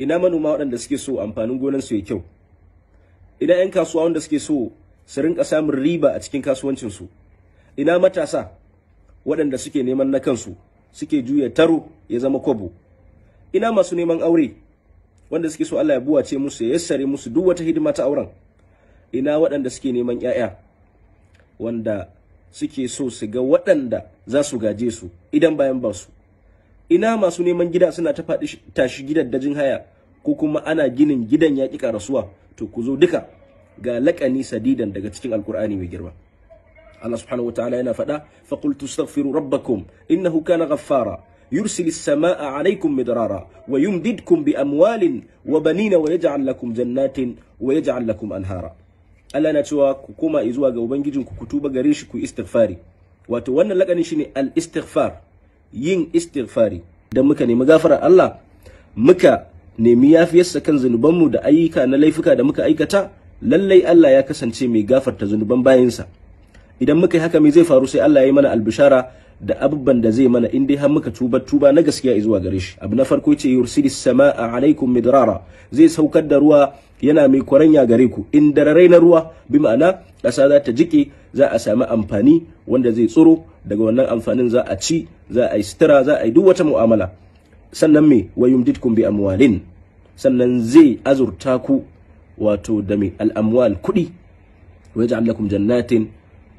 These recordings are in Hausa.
ina manoma waɗanda suke so amfanin gonan su ya kyau ina 'yan kasuwa wanda suke so su rinka samun riba a cikin kasuwancin su ina matasa waɗanda suke neman na kansu suke juya taro ya zama kwabo ina masu neman aure wanda suke so Allah ya buwace musu ya yassare musu duk wata hidima ta auren ina waɗanda suke neman ƴaƴa wanda suke so su ga waɗanda za su gaje su idan bayan ba su ina masu neman gida suna ta fadi tashi gidan dajin haya ko kuma ana ginin gidan ya ƙiƙa rasuwa to ku zo duka ga laƙani sadidan daga cikin alqur'ani mai girma Allah subhanahu wataala yana fada fa qultu astaghfiru rabbakum innahu kana ghaffara يرسل السماء عليكم مدرارا ويمددكم بأموال وبنين ويجعل لكم جنات ويجعل لكم أنهارا ألا نتوى كما إزواج وبنجيجن كتوبة غريش كو استغفاري وتوانا لغني شيني الاستغفار yin istighfari da muka nemi gafarar Allah muka nemi yafiyarsa kan zunubanmu da ayyuka na laifuka da muka aikata lallai Allah ya kasance mai gafarta zunuban bayinsa idan muka yi haka me zai faru sai Allah ya yi mana albishara da abubban da zai mana in dai har muka tuba tuba na gaskiya zuwa gare shi abu na farko yace yursilis samaa alaikum midrara zai saukar da ruwa yana mai kwaranya gare ku in dararai na ruwa bi ma'ana kasa za ta jike za a sami amfani wanda zai tsoro daga wannan amfanin za a ci za a yi sutura za a yi duk wata mu'amala sannan me wa bi amwalin sannan zai azurta ku wato da me al amwal kuɗi wa yaj'al lakum jannatin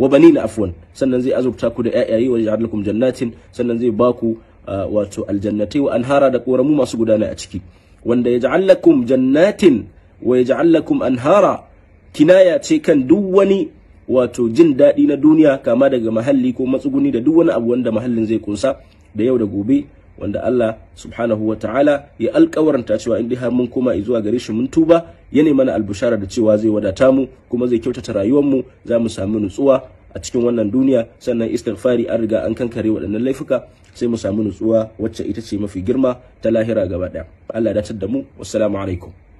wa na afwan sannan zai azurta ku da ƴaƴaye wa yaj'al jannatin sannan zai baku wato aljannatai wa anhara da koramu masu gudana a ciki wanda ya lakum jannatin wa yaj'al lakum anhara kinaya ce kan duk wani wato jin daɗi na duniya kama daga mahalli ko matsuguni da duk wani abu wanda mahallin zai kunsa da yau da gobe wanda Allah subhanahu wa ta'ala ya alkawaranta cewa in har mun koma zuwa gare shi mun tuba ya ne mana albushara da cewa zai wadata mu kuma zai kyautata rayuwar mu za mu samu nutsuwa a cikin wannan duniya sannan istighfari an riga an kankare waɗannan laifuka sai mu samu nutsuwa wacce ita ce mafi girma ta lahira gaba ɗaya Allah ya datar da mu wassalamu alaikum